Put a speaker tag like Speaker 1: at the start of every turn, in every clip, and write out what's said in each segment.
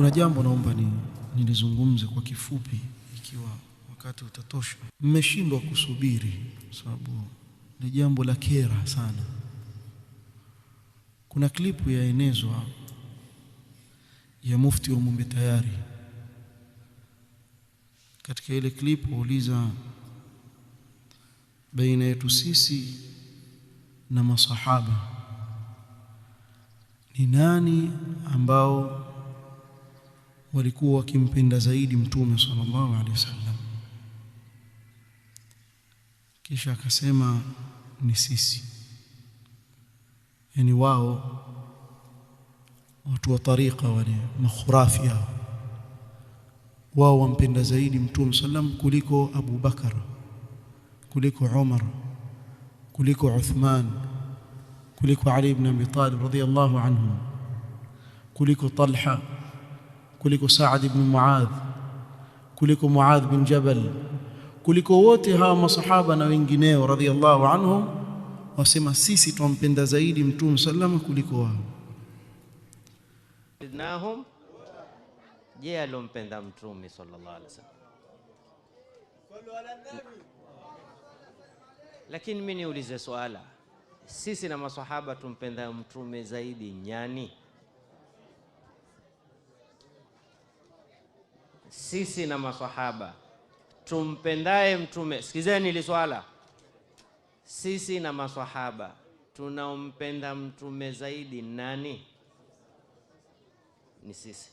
Speaker 1: kuna jambo naomba ni nilizungumze kwa kifupi, ikiwa wakati utatosha. Mmeshindwa kusubiri, kwa sababu ni jambo la kera sana. Kuna klipu yaenezwa ya mufti wa mumbe Tayari. Katika ile klipu uliza baina yetu sisi na masahaba ni nani ambao walikuwa wakimpenda zaidi mtume sallallahu alaihi wasallam kisha akasema ni sisi yani wao watu wa tariqa wale makhurafi hao wao wampenda zaidi mtume sallam kuliko Abu Bakar kuliko Umar kuliko Uthman kuliko Ali ibn Abi Talib radhiyallahu anhum kuliko Talha kuliko Saad ibn Muadh kuliko Muadh bin Jabal kuliko wote hawa masahaba na wengineo radhiallahu anhum, wasema sisi twampenda zaidi Mtume salama kuliko wao.
Speaker 2: Idnahum, je, alompenda Mtume sallallahu alaihi wasallam? Lakini mimi niulize swala, sisi na masahaba tumpenda Mtume zaidi nyani? sisi na masahaba tumpendaye Mtume, sikizeni hili swala, sisi na masahaba tunaompenda Mtume zaidi nani? Ni sisi.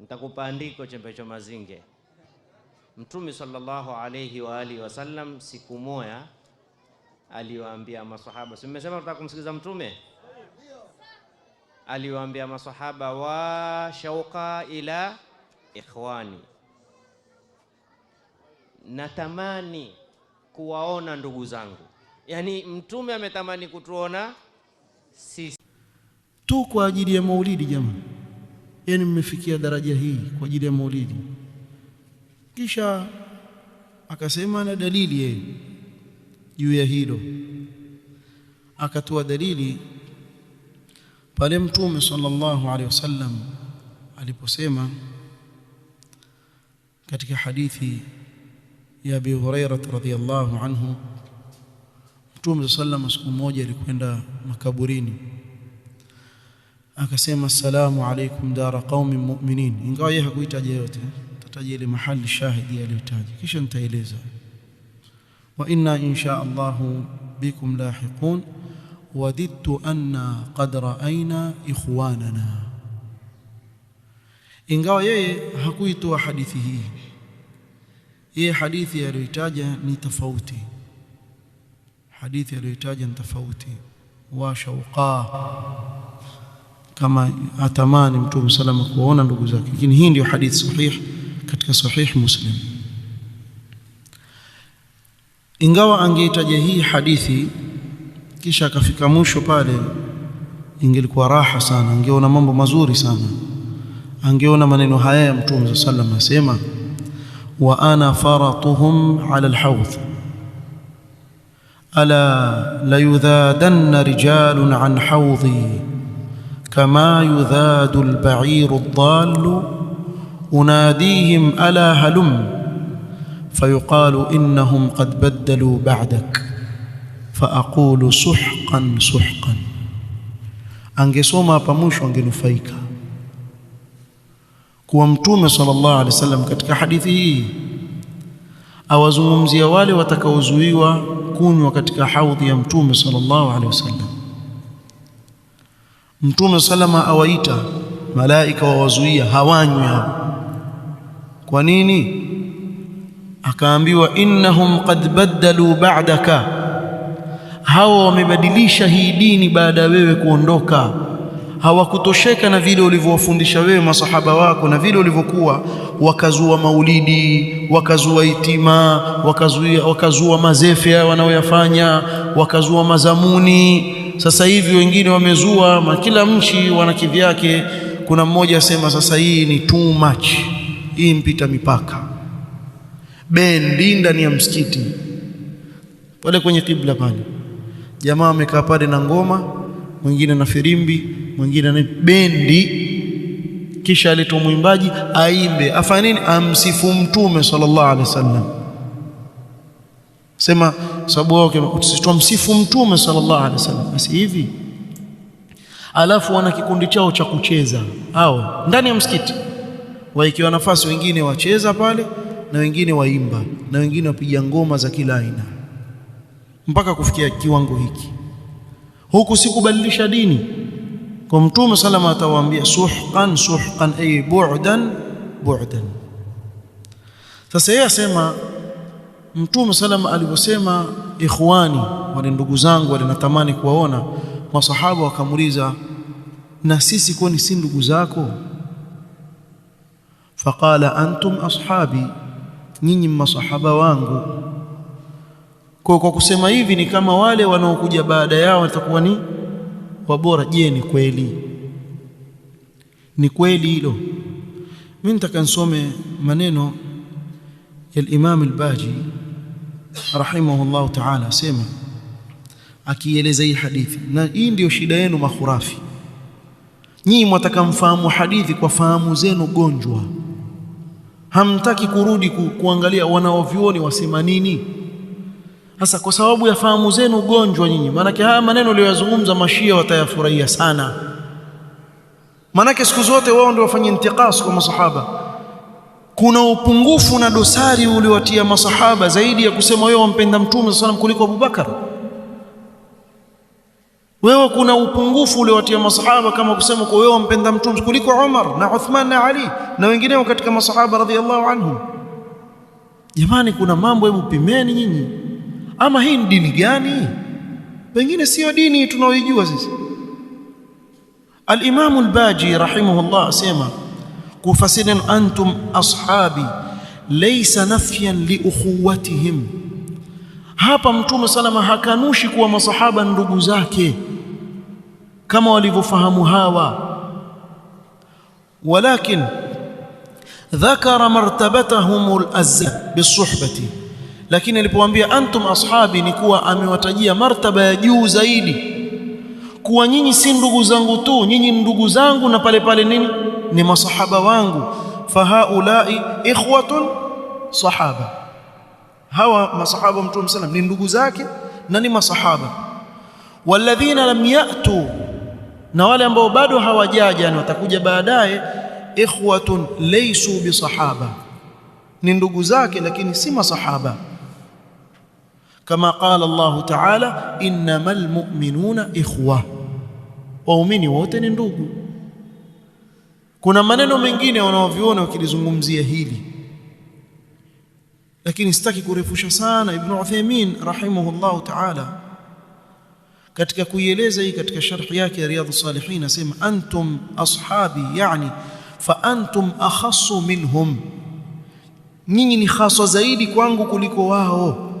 Speaker 2: Nitakupa andiko chembecho mazinge. Mtume sallallahu alayhi wa alihi wasallam siku moya aliwaambia masahaba, si mmesema tutaka kumsikiza Mtume aliwaambia masahaba wa shauqa ila ikhwani, natamani kuwaona ndugu zangu. Yani mtume ametamani kutuona sisi
Speaker 1: tu kwa ajili ya maulidi. Jamaa, yani mmefikia daraja hii kwa ajili ya maulidi. Kisha akasema na dalili yeye juu ya hilo, akatoa dalili pale mtume sallallahu alaihi wasallam aliposema katika hadithi ya Abi Hurairah radhiyallahu anhu Mtume sallam siku moja alikwenda makaburini akasema assalamu alaikum dara qaumin mu'minin ingawa yeye hakuitaja yote tataja ile mahali shahidi aliyotaja kisha nitaeleza wa inna insha Allah bikum lahiqun وددت anna qad ra'aina ikhwanana ingawa yeye hakuitoa hadithi hii yeye hadithi aliyoitaja ni tofauti hadithi aliyoitaja ni tofauti wa shauqa kama atamani mtume salama kuwaona ndugu zake lakini hii ndio hadithi sahih katika sahih muslim ingawa angeitaja hii hadithi kisha akafika mwisho pale, ingelikuwa raha sana, angeona mambo mazuri sana, angeona maneno haya ya Mtume wa sallam عليه asema wa ana faratuhum ala alhawth ala la yudadanna rijalun an hawdhi kama yudadu alba'iru adh unadihim ala halum fayuqalu innahum qad baddalu ba'dak faaqulu suhqan suhqan angesoma hapa mwisho angenufaika kuwa mtume sallallahu alaihi wasallam katika hadithi hii awazungumzia wale watakaozuiwa kunywa katika haudhi ya mtume sallallahu alaihi wasallam mtume salama awaita malaika wawazuia hawanywi hapo kwa nini akaambiwa innahum qad badalu ba'daka hawa wamebadilisha hii dini baada ya wewe kuondoka. Hawakutosheka na vile ulivyowafundisha wewe masahaba wako na vile ulivyokuwa, wakazua maulidi, wakazua itima, wakazua, wakazua mazefe wanaoyafanya, wakazua mazamuni. Sasa hivi wengine wamezua, kila mchi wana kivyake. Kuna mmoja asema sasa hii ni too much, hii mpita mipaka, bendi ndani ya msikiti pale kwenye kibla pale jamaa amekaa pale na ngoma, mwingine na firimbi, mwingine na bendi, kisha aletwa mwimbaji aimbe, afanye nini? Amsifu Mtume sallallahu alaihi wasallam. Sema sababu wao msifu Mtume sallallahu alaihi wasallam, basi hivi. Alafu wana kikundi chao cha kucheza hao ndani ya msikiti, waikiwa nafasi, wengine wacheza pale na wengine waimba na wengine wapiga ngoma za kila aina mpaka kufikia kiwango hiki, huku sikubadilisha dini. Kwa Mtume salama atawaambia suhqan suhqan, ay bu'dan bu'dan. Sasa yeye asema Mtume salama aliposema ikhwani, wale ndugu zangu wale natamani kuwaona. Masahaba wakamuliza na sisi kwani si ndugu zako? Faqala antum ashabi, nyinyi masahaba wangu kwa kwa kusema hivi ni kama wale wanaokuja baada yao watakuwa ni wabora. Je, ni kweli? Ni kweli hilo? Mimi nitaka nisome maneno ya Imam al-Baji rahimahullahu ta'ala, asema akieleza hii hadithi, na hii ndio shida yenu makhurafi. Nyinyi mwataka mfahamu hadithi kwa fahamu zenu gonjwa, hamtaki kurudi ku, kuangalia wanaovioni wasema nini sasa kwa sababu ya fahamu zenu ugonjwa nyinyi, maanake haya maneno aliyoyazungumza mashia watayafurahia sana, maanake siku zote wao ndio wafanye intiqas kwa masahaba. Kuna upungufu na dosari uliowatia masahaba zaidi ya kusema wewe wampenda mtume sallam kuliko Abubakar. Wewe kuna upungufu uliowatia masahaba kama kusema kwa wewe wampenda mtume kuliko Umar na Uthman na Ali na wengineo katika masahaba radhiallahu anhum. Jamani, kuna mambo, hebu pimeni nyinyi. ama hii ni dini gani pengine sio dini tunaoijua sisi al-Imam al-Baji rahimahullah asema kufasiri antum ashabi laysa nafyan li ukhuwatihim hapa mtume salama hakanushi kuwa masahaba ndugu zake kama walivyofahamu hawa walakin ذكر مرتبتهم الأزل بالصحبة lakini alipowaambia antum ashabi ni kuwa amewatajia martaba ya juu zaidi, kuwa nyinyi si ndugu zangu tu, nyinyi ndugu zangu na pale pale nini, ni masahaba wangu. Fahaulai ikhwatun sahaba, hawa masahaba wa Mtume sallam ni ndugu zake na ni masahaba. Walladhina lam yatu, na wale ambao bado hawajaja na watakuja baadaye, ikhwatun laysu bisahaba, ni ndugu zake lakini si masahaba. كما قال الله تعالى إنما المؤمنون إخوة وأؤمن وأتن ندوغو كنا منانو منجيني ونوفيونا وكيلي زنغمزي هيلي لكن استكي كريفوش سانا ابن عثيمين رحمه الله تعالى كتك كويليزي كتك شرح ياكي رياض الصالحين سيم أنتم أصحابي يعني فأنتم أخص منهم نيني خاصة زايدي كوانغو كوليكو واهو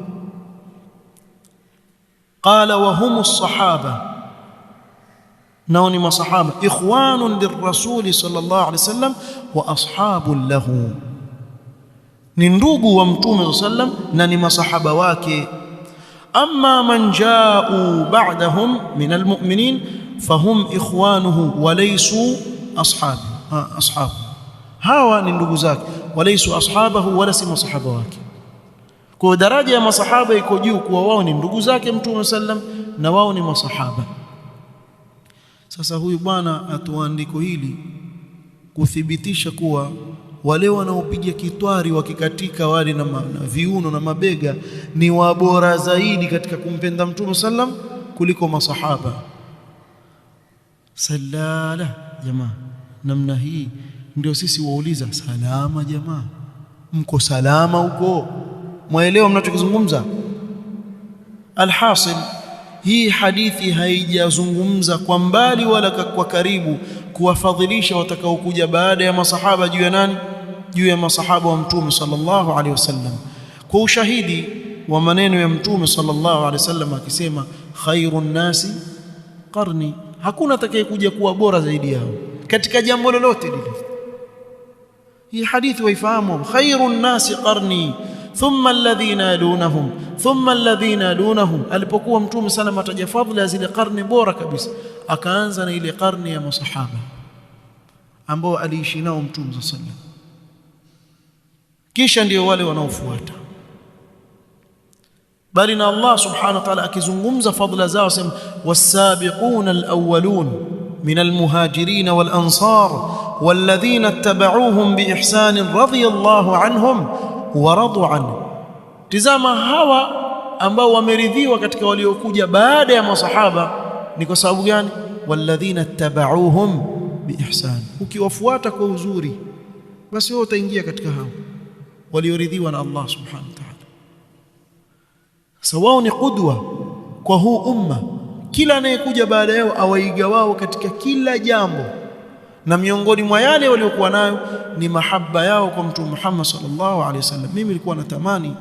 Speaker 1: قال وهم الصحابة نوني ما صحابة إخوان للرسول صلى الله عليه وسلم وأصحاب له نندوق ومتوم صلى الله عليه وسلم نوني ما صحابة واكي أما من جاءوا بعدهم من المؤمنين فهم إخوانه وليسوا أصحابه آه، أصحابه هاوا نندوق ذاك وليسوا أصحابه ولا سيما صحابه واكي Kwa daraja ya masahaba iko juu, kuwa wao ni ndugu zake Mtume sallam na wao ni masahaba. Sasa huyu bwana atuandiko hili kuthibitisha kuwa wale wanaopiga kitwari wakikatika wale na, na viuno na mabega ni wabora zaidi katika kumpenda Mtume sallam kuliko masahaba. Salala jamaa, namna hii ndio sisi wauliza salama jamaa, mko salama huko? mwaelewa mnachokizungumza alhasil hii hadithi haijazungumza kwa mbali wala kwa karibu kuwafadhilisha watakaokuja baada ya masahaba juu ya nani juu ya masahaba wa mtume sallallahu alaihi wasallam kwa ushahidi wa maneno ya mtume sallallahu alaihi wasallam akisema khairu nasi qarni hakuna atakayekuja kuwa bora zaidi yao katika jambo lolote lile hii hadithi waifahamu khairu nasi qarni ثم الذين يلونهم ثم الذين يلونهم Alipokuwa Mtume sana mataja fadhila zile karne bora kabisa, akaanza na ile karne ya masahaba ambao aliishi nao Mtume sallallahu alaihi wasallam, kisha ndio wale wanaofuata bali na Allah subhanahu wa ta'ala akizungumza fadhila zao sema wasabiqun alawwalun min almuhajirin walansar والذين اتبعوهم بإحسان رضي الله عنهم waradu anhu. Tizama hawa ambao wameridhiwa katika waliokuja baada ya masahaba ni kwa sababu gani? walladhina tabauhum biihsan, ukiwafuata kwa uzuri, basi wewe utaingia katika hao walioridhiwa na Allah subhanahu wa ta'ala. Sasa ni qudwa kwa huu umma, kila anayekuja baada yao awaiga wao katika kila jambo. na miongoni mwa yale waliokuwa nayo ni mahaba yao kwa mtume Muhammad sallallahu alaihi wasallam mimi nilikuwa natamani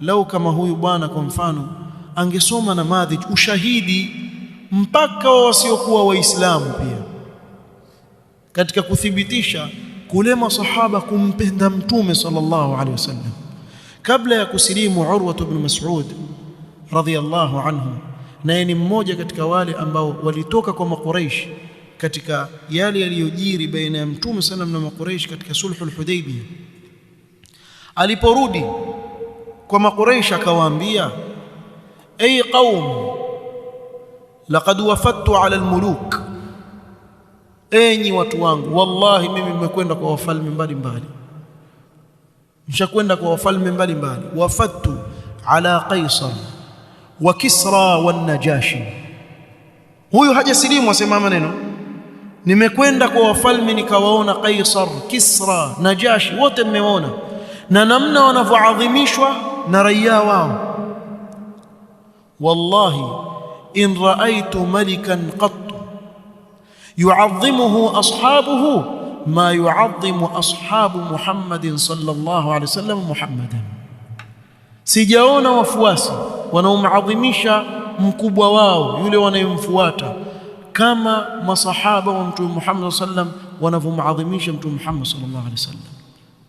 Speaker 1: lau kama huyu bwana kwa mfano angesoma na ushahidi mpaka wasiokuwa waislamu pia katika kuthibitisha kule masahaba kumpenda mtume sallallahu alaihi wasallam kabla ya kusilimu Urwa ibn Mas'ud radhiyallahu anhu naye ni mmoja katika wale ambao walitoka kwa makuraishi katika yale yaliyojiri baina ya mtume sana na makureishi katika sulhu lhudaibia aliporudi kwa makureishi akawaambia ei qaum laqad wafadtu ala lmuluk enyi watu wangu wallahi mimi mmekwenda kwa wafalme mbalimbali mshakwenda kwa wafalme mbalimbali wafadtu ala qaisar wa kisra wan najashi huyu hajasilimu asema maneno nimekwenda kwa wafalme nikawaona Kaisar, Kisra, Najashi, wote mmeona na namna wanavyoadhimishwa na raia wao. Wallahi, in raaitu malikan qattu yuadhimuhu ashabuhu ma yuadhimu ashabu Muhammadin sallallahu alaihi wasallam Muhammadan, sijaona wafuasi wanaomwadhimisha mkubwa wao yule wanayemfuata kama masahaba wa mtume Muhammad sallam wanavyomwadhimisha mtume Muhammad sallallahu alaihi wasallam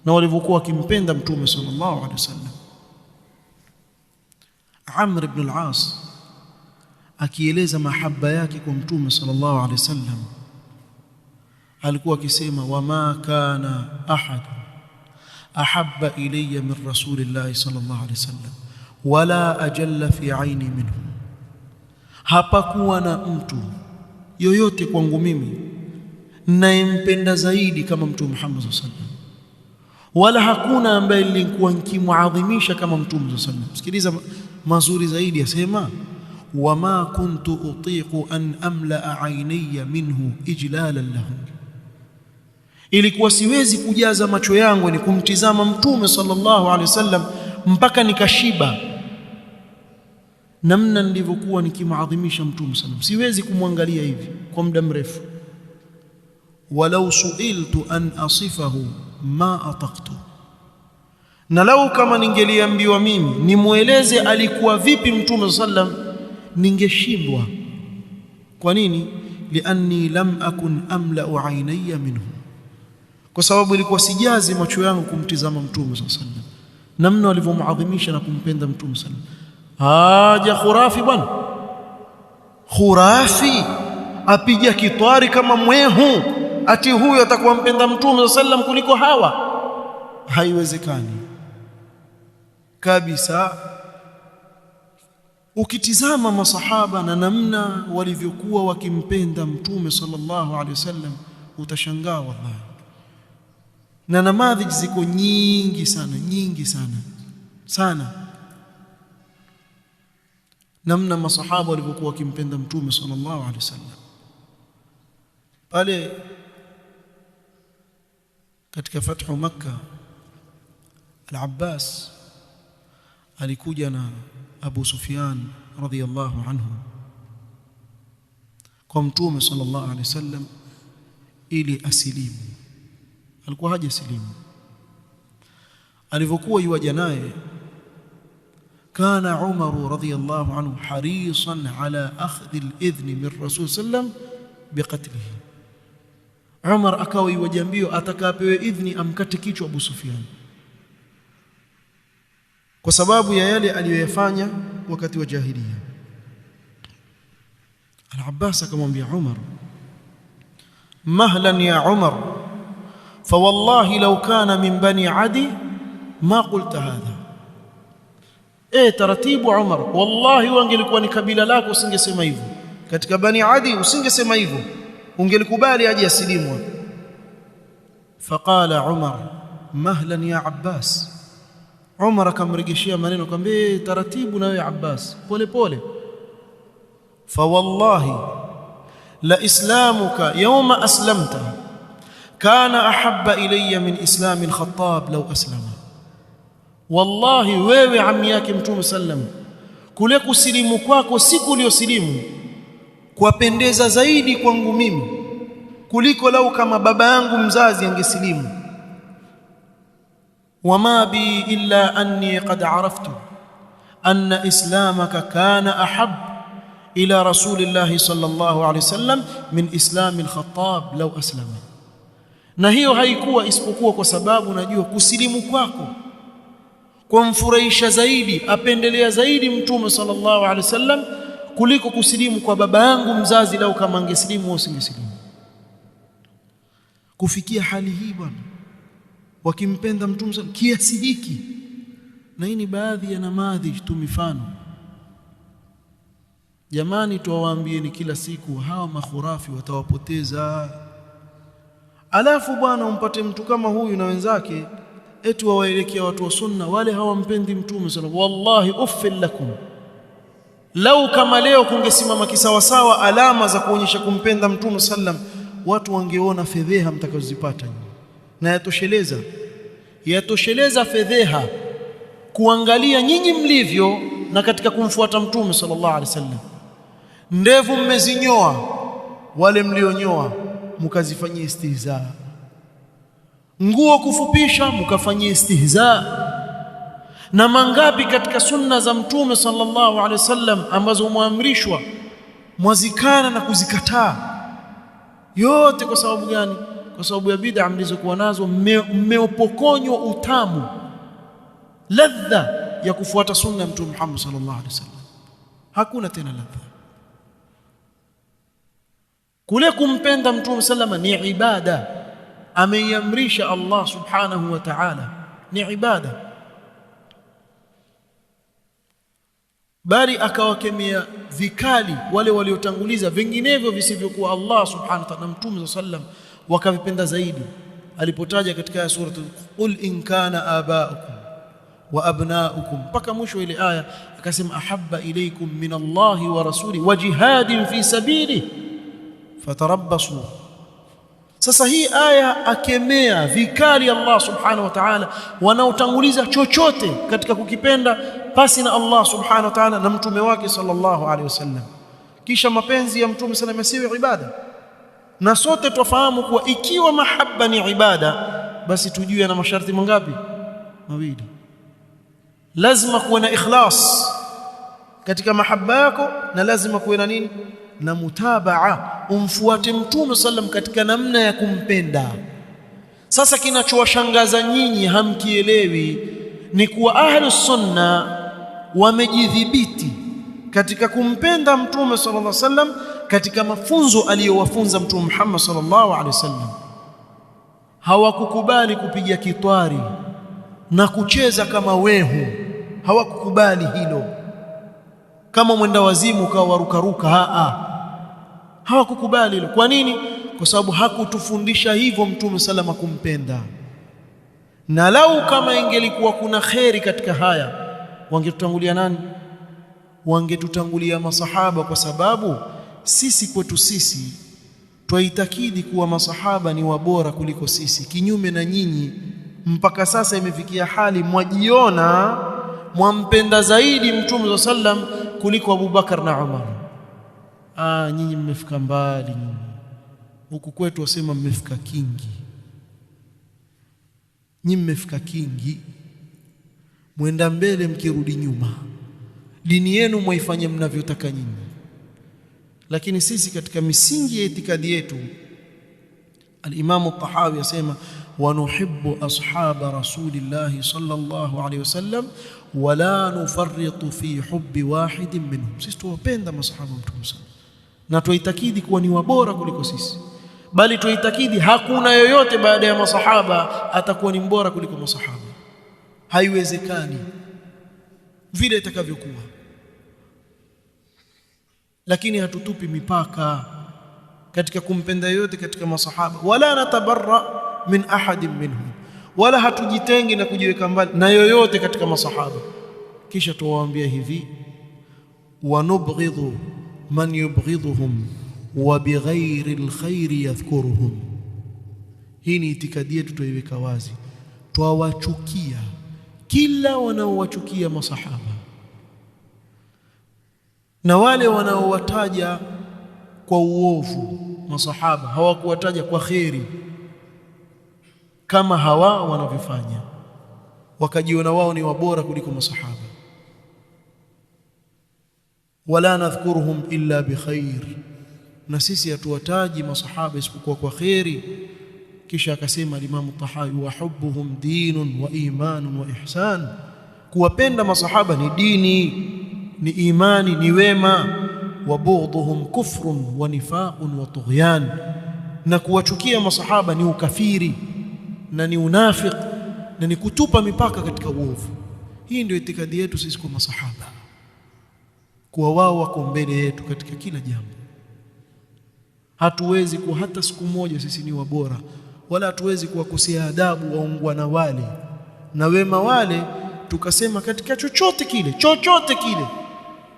Speaker 1: na walivyokuwa wakimpenda mtume sallallahu alaihi wasallam Amr ibn al-As akieleza mahaba yake kwa mtume sallallahu alaihi wasallam alikuwa akisema wama kana ahad ahabba ilayya min rasulillahi sallallahu alaihi wasallam wala ajalla fi aini minhu hapakuwa na mtu yoyote kwangu mimi nayempenda zaidi kama Mtume Muhammad sallallahu alaihi wasallam, wala hakuna ambaye nilikuwa nikimuadhimisha kama Mtume sallallahu alaihi wasallam. Sikiliza mazuri zaidi, asema wama kuntu utiqu an amlaa ainaya minhu ijlalan lahu, ilikuwa siwezi kujaza macho yangu ni kumtizama Mtume sallallahu alaihi wasallam mpaka nikashiba namna nilivyokuwa nikimaadhimisha mtume sallam, siwezi kumwangalia hivi kwa muda mrefu. walau suiltu an asifahu ma ataqtu, na lau kama ningeliambiwa mimi nimweleze alikuwa vipi mtume sallam, ningeshindwa. Kwa nini? lianni lam akun amlau ainaya minhu, kwa sababu ilikuwa sijazi macho yangu kumtizama mtume sallam, namna walivyomuadhimisha na kumpenda mtume sallam haja khurafi bwana khurafi apiga kitwari kama mwehu ati huyo atakuwa mpenda mtume sallam kuliko hawa haiwezekani kabisa ukitizama masahaba na namna walivyokuwa wakimpenda mtume sallallahu alaihi wasallam utashangaa wallahi na namadhi ziko nyingi sana nyingi sana sana namna masahaba walivyokuwa wakimpenda mtume sallallahu alaihi wasallam pale katika fathu makka al-Abbas alikuja na Abu Sufyan radhiyallahu anhu kwa mtume sallallahu alaihi wasallam ili asilimu alikuwa hajasilimu alivyokuwa yuwaja naye كان عمر رضي الله عنه حريصا على أخذ الإذن من رسول صلى الله عليه وسلم بقتله عمر أكاوي وجنبيه أتكابيه إذني أم كتكيش أبو سفيان وسباب يالي أن يفاني وكت وجاهلية العباس كما بي عمر مهلا يا عمر فوالله لو كان من بني عدي ما قلت هذا eh taratibu Umar wallahi wangelikuwa ni kabila lako usingesema hivyo katika bani adi usingesema hivyo ungelikubali aje asilimu faqala Umar mahlan ya Abbas Umar akamrejeshia maneno kwambie taratibu na wewe Abbas pole pole fa wallahi la islamuka yawma aslamta kana ahabba ilayya min islamil khattab law aslama wallahi wewe ami yake mtume sallam kule kusilimu kwako siku uliyosilimu kuwapendeza zaidi kwangu mimi kuliko lau kama baba yangu mzazi angesilimu wama bi illa anni qad araftu anna islamaka kana ahab ila rasulillahi sallallahu alaihi wasallam min islamil khattab law aslama na hiyo haikuwa isipokuwa kwa sababu najua kusilimu kwako kumfurahisha zaidi apendelea zaidi mtume sallallahu alaihi wasallam kuliko kusilimu kwa baba yangu mzazi, lau kama angesilimu au usingesilimu. Kufikia hali hii bwana, wakimpenda mtume kiasi hiki, na hii ni baadhi ya namadhi tu, mifano Jamani, ni kila siku hawa makhurafi watawapoteza. Alafu bwana umpate mtu kama huyu na wenzake eti wawaelekea watu wa sunna wale hawampendi mtume sallallahu wallahi uffil lakum lau kama leo kungesimama kisawasawa alama za kuonyesha kumpenda mtume sallam watu wangeona fedheha mtakazozipata na yatosheleza yatosheleza fedheha kuangalia nyinyi mlivyo na katika kumfuata mtume sallallahu alaihi wasallam ndevu mmezinyoa wale mlionyoa mkazifanyie istizaa nguo kufupisha mkafanyia istihza. Na mangapi katika sunna za Mtume sallallahu alaihi wasallam ambazo muamrishwa mwazikana na kuzikataa, yote kwa sababu gani? Kwa sababu ya bid'a mlizokuwa nazo, mmeopokonywa utamu, ladha ya kufuata sunna ya Mtume Muhammad sallallahu alaihi wasallam. Hakuna tena ladha kule. Kumpenda Mtume wasallam ni ibada ameiamrisha Allah subhanahu wa ta'ala ni ibada bali akawakemea vikali wale waliotanguliza vinginevyo visivyokuwa Allah subhanahu wa ta'ala na mtume sallam wakavipenda zaidi alipotaja katika sura qul in kana aba'ukum wa abna'ukum mpaka mwisho ile aya akasema ahabba ilaykum min Allahi wa rasuli wa jihadin fi sabili fatarabbasu sasa hii aya akemea vikali Allah subhanahu wa ta'ala, wanaotanguliza chochote katika kukipenda pasi na Allah subhanahu wa ta'ala na mtume wake sallallahu alaihi wasallam. Kisha mapenzi ya mtume sallallahu alaihi wasallam ibada, na sote twafahamu kuwa ikiwa mahaba ni ibada, basi tujue na masharti mangapi? Mawili, lazima kuwa na ikhlas katika mahaba yako na lazima kuwe na nini na mutabaa umfuate mtume sallam katika namna ya kumpenda sasa kinachowashangaza nyinyi hamkielewi ni kuwa ahlu sunna wamejidhibiti katika kumpenda mtume sallallahu alaihi wasallam katika mafunzo aliyowafunza mtume Muhammad sallallahu alaihi wasallam hawakukubali kupiga kitwari na kucheza kama wehu hawakukubali hilo kama mwenda wazimu ukawa warukaruka. aa hawakukubali hilo. Kwa nini? Kwa sababu hakutufundisha hivyo Mtume salama kumpenda, na lau kama ingelikuwa kuna kheri katika haya wangetutangulia nani? Wangetutangulia masahaba, kwa sababu sisi kwetu sisi twaitakidi kuwa masahaba ni wabora kuliko sisi, kinyume na nyinyi. Mpaka sasa imefikia hali mwajiona mwampenda zaidi Mtume sallam kuliko Abubakar na Umar. Ah, nyinyi mmefika mbali nyinyi, huku kwetu wasema mmefika kingi. Nyinyi mmefika kingi, mwenda mbele mkirudi nyuma. Dini yenu mwaifanye mnavyotaka nyinyi, lakini sisi katika misingi ya itikadi yetu Alimamu Tahawi asema nuhibbu ashaba rasulillahi sallallahu alayhi wasallam wala nufarritu fi hubbi wahidin minhum sisi tuwapenda masahaba mtukufu sana na tuitakidi kuwa ni wabora kuliko sisi bali tuitakidi hakuna yoyote baada ya masahaba atakuwa ni mbora kuliko masahaba haiwezekani vile itakavyokuwa lakini hatutupi mipaka katika kumpenda yoyote katika masahaba wala natabarra min ahadin minhum wala hatujitengi na kujiweka mbali na yoyote katika masahaba kisha tuwaambia hivi wanubghidhu man yubghidhuhum wa bighairi alkhairi yadhkuruhum hii ni itikadi yetu tuiweka wazi twawachukia kila wanaowachukia masahaba na wale wanaowataja kwa uovu masahaba hawakuwataja kwa kheri kama hawa wanavyofanya, wakajiona wao ni wabora kuliko masahaba. Wala nadhkuruhum illa bikhair, na sisi hatuwataji masahaba isipokuwa kwa kheri. Kisha akasema Alimamu Tahawi, wahubuhum dinun wa imanun wa ihsan, kuwapenda masahaba ni dini, ni imani, ni wema wa bughdhuhum kufrun wa nifaqun wa tughyan, na kuwachukia masahaba ni ukafiri na ni unafiq na ni kutupa mipaka katika uovu. Hii ndio itikadi yetu sisi kwa masahaba, kuwa wao wako mbele yetu katika kila jambo. Hatuwezi kuwa hata siku moja sisi ni wabora, wala hatuwezi kuwakosea adabu waungwa na wale na wema wale, tukasema katika chochote kile, chochote kile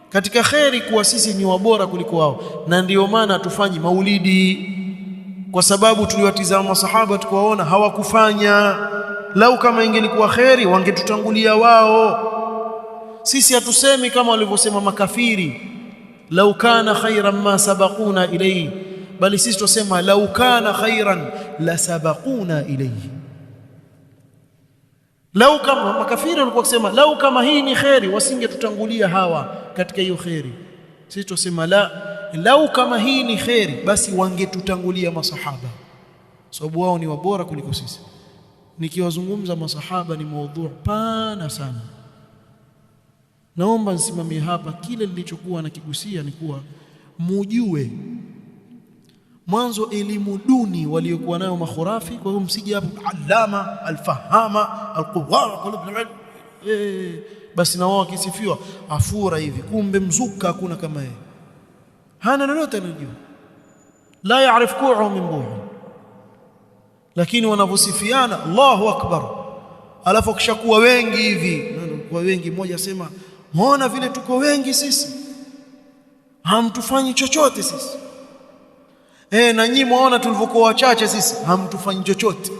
Speaker 1: katika kheri kuwa sisi ni wabora kuliko wao, na ndiyo maana hatufanyi maulidi kwa sababu tuliwatizama masahaba tukawaona hawakufanya. Lau kama ingelikuwa kheri wangetutangulia wao. Sisi hatusemi kama walivyosema makafiri, lau kana khairan ma sabaquna ilayhi, bali sisi tusema lau kana khairan la sabaquna ilayhi. Lau kama makafiri walikuwa kusema lau kama hii ni kheri, wasingetutangulia hawa katika hiyo kheri. Sisi tusema la, lau kama hii ni kheri, basi wangetutangulia masahaba, sababu wao ni wabora kuliko sisi. Nikiwazungumza masahaba ni maudhu pana sana. Naomba nisimamie hapa. Kile nilichokuwa nakigusia ni kuwa mujue mwanzo elimu duni waliokuwa nayo makhurafi. Kwa hiyo msije hapo alama alfahama alquwa eh basi na wao wakisifiwa afura hivi, kumbe mzuka hakuna kama yeye, hana lolote anajua, la yaarif ku'u min bu'u. Lakini wanavyosifiana Allahu akbar, alafu akishakuwa wengi hivi, kwa wengi, mmoja asema muona vile tuko wengi sisi, hamtufanyi chochote sisi. Eh, na nyinyi mwaona tulivyokuwa wachache sisi, hamtufanyi chochote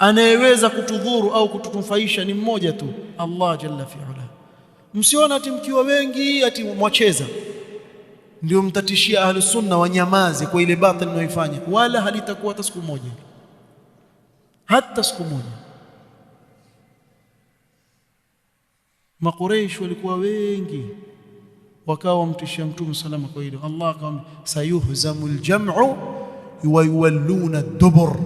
Speaker 1: anayeweza kutudhuru au kutunufaisha ni mmoja tu Allah jalla fi'ala msiona ati mkiwa wengi ati mwacheza ndio mtatishia ahlu sunna wanyamaze kwa ile batil mnayoifanya wala halitakuwa hata siku moja hata siku moja makureish walikuwa wengi wakawa wamtishia mtume salama kwa hilo Allah akawambia sayuhzamul jam'u wa yuwalluna dubur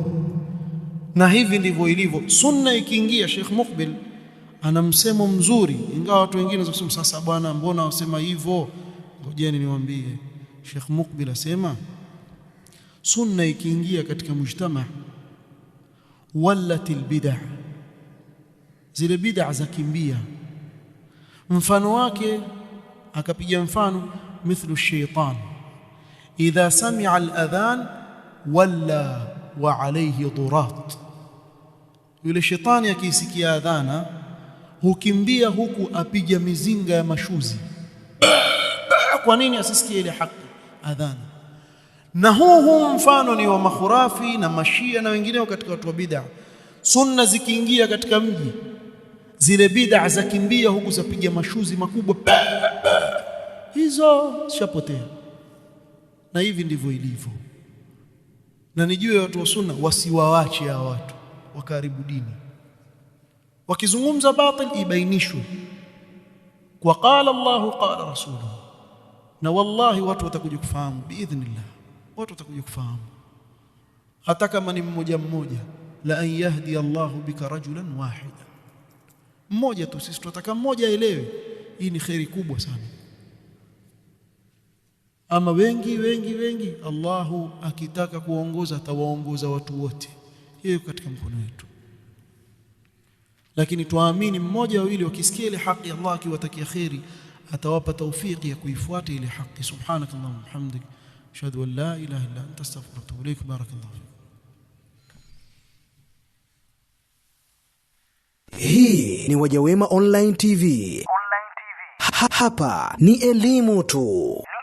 Speaker 1: na hivi ndivyo ilivyo sunna ikiingia Sheikh Mukbil ana msemo mzuri ingawa watu wengine wanasema sasa bwana mbona wasema hivyo ngojeni niwaambie Sheikh Mukbil asema sunna ikiingia katika mshtama wallatil bid'ah zile bid'ah za kimbia mfano wake akapiga mfano mithlu shaytan idha sami'a al-adhan walla wa alayhi durat Yule shetani akiisikia adhana hukimbia huku apija mizinga ya mashuzi. Kwa nini asisikie ile haki adhana? Na huu huu mfano ni wa makhurafi na mashia na wengineo katika watu wa bid'a. Sunna zikiingia katika mji, zile bid'a zakimbia huku zapiga mashuzi makubwa, hizo zishapotea. Na hivi ndivyo ilivyo, na nijue watu wa sunna wasiwawache hao watu wakaharibu dini, wakizungumza batil ibainishwe kwa qala Allahu qala rasuluhu. Na wallahi watu watakuja kufahamu biidhnillah, watu watakuja kufahamu hata kama ni mmoja mmoja. La an yahdi Allahu bika rajulan wahida, mmoja tu. Sisi tunataka mmoja aelewe, hii ni kheri kubwa sana. Ama wengi wengi wengi, Allahu akitaka kuongoza atawaongoza watu wote hiyo iko katika mkono wetu lakini tuamini mmoja wawili wakisikia ile haki ya Allah akiwatakia khairi atawapa taufiki ya kuifuata ile haki subhanakallahumma hamdika ashhadu an la ilaha illa anta astaghfiruka wa atubu ilaik barakallahu Hii ni Wajawema Online TV. Online TV. Ha hapa ni elimu tu. ni